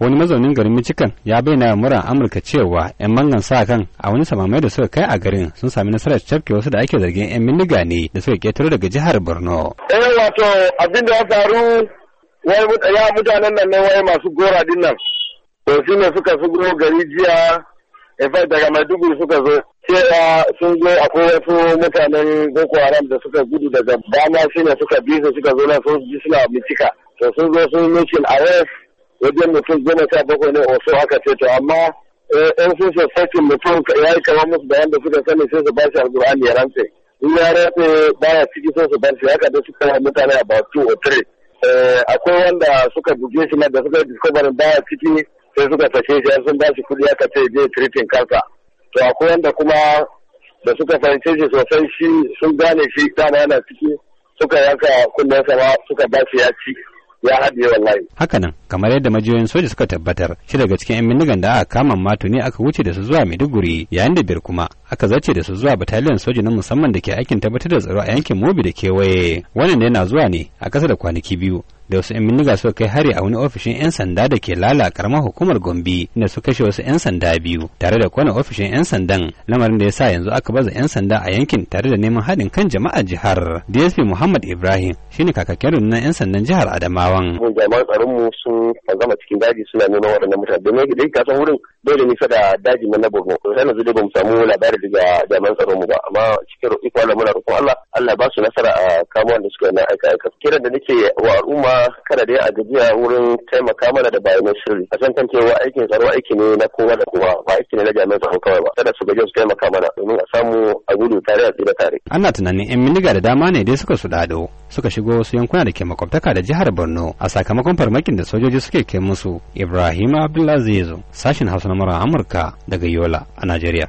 wani mazaunin garin michigan ya bayyana wa muran amurka cewa 'yan mangan sa kan a wani samamai da suka kai a garin sun sami nasarar cafke wasu da ake zargin 'yan bindiga ne da suka ketaro daga jihar borno eh wato abin da ya faru wai ya mutanen nan ne wai masu gora din nan to shi ne suka shigo gari jiya in efai daga maiduguri suka zo cewa sun zo akwai wasu mutanen boko haram da suka gudu daga bana shi ne suka bi su suka zo na sun ji suna bincika to sun zo sun yi mission arrest wajen mutum goma sha bakwai ne oso haka ce to amma eh, in sun so sakin mutum ya yi kamar musu bayan da suka sani sai su ba shi alƙur'ani ya rantse in ya rantse ya ciki sai su bar shi haka da suka yi mutane a two or three eh, akwai wanda suka buge shi na da suka yi discovery ya ciki sai suka sake shi sun ba shi kuɗi aka ce je treating kansa to akwai wanda kuma da suka fahimce shi sosai shi sun gane shi dama yana ciki suka yanka kunnen sama suka ba shi ya ci ya haɗiye wallahi. Hakanan kamar yadda majiyoyin soja suka tabbatar shi daga cikin 'yan bindigan da aka kama mato ne aka wuce da su zuwa Maiduguri yayin da biyar kuma aka zace da su zuwa bataliyan soja na musamman da ke aikin tabbatar da tsaro a yankin Mobi da kewaye. Wannan yana zuwa ne a kasa da kwanaki biyu da wasu 'yan bindiga suka kai hari a wani ofishin 'yan sanda da ke lala karamar hukumar gombe inda su kashe wasu 'yan sanda biyu tare da kwana ofishin 'yan sandan lamarin da ya sa yanzu aka baza 'yan sanda a yankin tare da neman haɗin kan jama'a jihar dsp muhammad ibrahim shine kakakin rundunar 'yan sandan jihar adamawan. jami'an tsaron mu sun zama cikin daji suna neman waɗannan mutane domin da ka kasan wurin dole da nisa da daji na borno sai yanzu dai mu samu labari daga jami'an tsaron mu ba amma cikin ikon muna roƙon Allah ba su nasara a kamuwan da suka yi na aika aika kiran da nake wa al'umma kada dai a gajiya wurin taimaka mana da bayan sirri a san kan cewa aikin tsaro aiki ne na kowa da kowa ba aiki ne na jami'an tsaro kawai ba kada su gaje su taimaka mana domin a samu a gudu tare a tsira tare ana tunanin yan miniga da dama ne dai suka su dado suka shigo wasu yankuna da ke makwabtaka da jihar Borno a sakamakon farmakin da sojoji suke kai musu Ibrahim Abdulaziz sashin Hausa na Amurka daga Yola a Najeriya